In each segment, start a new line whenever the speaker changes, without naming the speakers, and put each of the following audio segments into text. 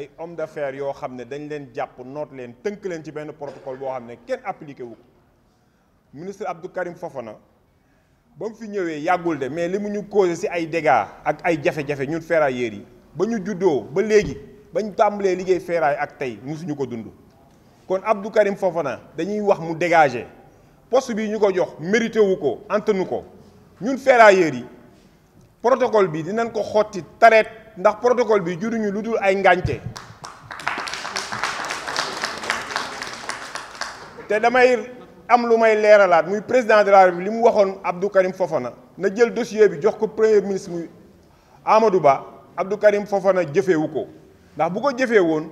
ay homme d'affaires yoo xam ne dañ leen jàpp noot leen tënk leen ci benn protocole boo xam ne kenn appliqué wu ko ministre Abdou Karim na ba mu fi ñëwee yàggul de mais li mu ñu ko si ay dégâts ak ay jafe-jafe ñun yére yi ba ñu juddoo ba léegi bañ tàmbalee liggéey ferraille ak tey musuñu ko dund kon Abdou Karim na dañuy wax mu dégagé poste bi ñu ko jox mérité wu ko antanu ko ñun ferrailleurs yi protocole bi dinañ ko xotti tareet ndax protocole bi juruñu lu dul ay ngànte te damay am lu may leeralaat muy président de bi li mu waxoon Abdou Karim Fofana na jël dossier bi jox ko premier ministre muy Amadou Ba Abdou Karim Fofana jëfewu ko ndax bu ko jëfee woon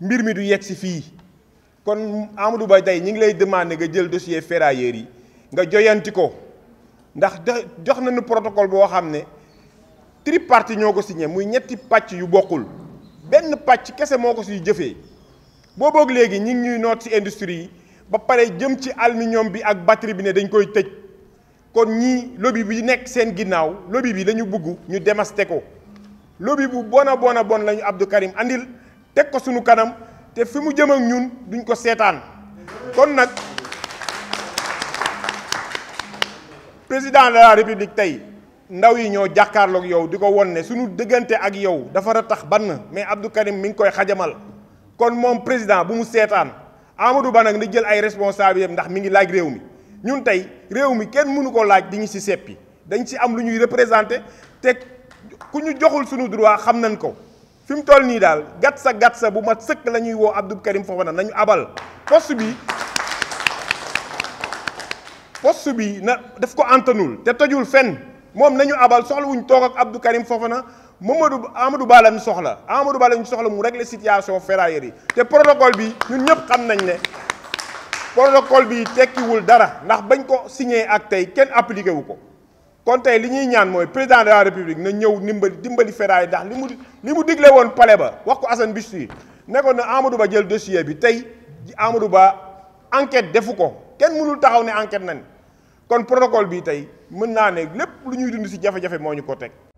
mbir mi du yegg si fii kon Amadou Ba tey ñi ngi lay demandé nga jël dossier ferrailleurs yi nga joyanti ko ndax jox nañu protocole boo xam ne tripartie ñoo ko signé muy ñetti pàcc yu bokkul benn pàcc kese moo ko siy jëfee booboog léegi ñi ngi ñuy noot si industrie yi ba pare jëm ci aluminium bi ak batterie bi ne dañ koy tëj kon ñii lobby bi nekk seen ginnaaw lobby bi lañu bugg ñu démasté ko lobby bu bon a bon a bon lañu Abdou Karim andil teg ko suñu kanam te fi mu jëm ak ñun duñ ko seetaan kon nag président de la république tey ndaw yi ñoo jàkkaarloog yow di ko won ne suñu diggante ak yow dafa ratax bann mais Abdou Karim mi ngi koy xajamal kon moom président bu mu seetaan Amadou Ba nag ni jël ay responsabilités ndax mi ngi laaj réew mi ñun tey réew mi kenn mënu ko laaj di ñu si seppi dañ si am lu ñuy représenté te ku ñu joxul sunu droit xam nañ ko fi mu toll nii daal gàtt sa gàtt sa bu ma sëkk la ñuy woo Abdou Karim na nañu abal poste bi poste bi na daf ko antanul te tojul fenn. moom nañu abal soxla wuñ toog ak Abdou Karim foofu Mamadou Amadou Ba lañ soxla Amadou Ba soxla mu régler situation ferrailleurs yi te protocole bi ñun ñëpp xam nañ ne protocole bi tekkiwul dara ndax bañ ko signe ak tey kenn appliqué wu ko kon tey li ñuy ñaan mooy président de la république na ñëw dimbali dimbali ferraille ndax li mu li mu digle woon palais ba wax ko Assane Bichri nekkoon na Amadou jël dossier bi tey Amadou Ba enquête defu ko kenn mënul taxaw ne enquête nañ kon protocole bi tey mën naa ne lépp lu ñuy dund ci jafe-jafe moo ñu ko teg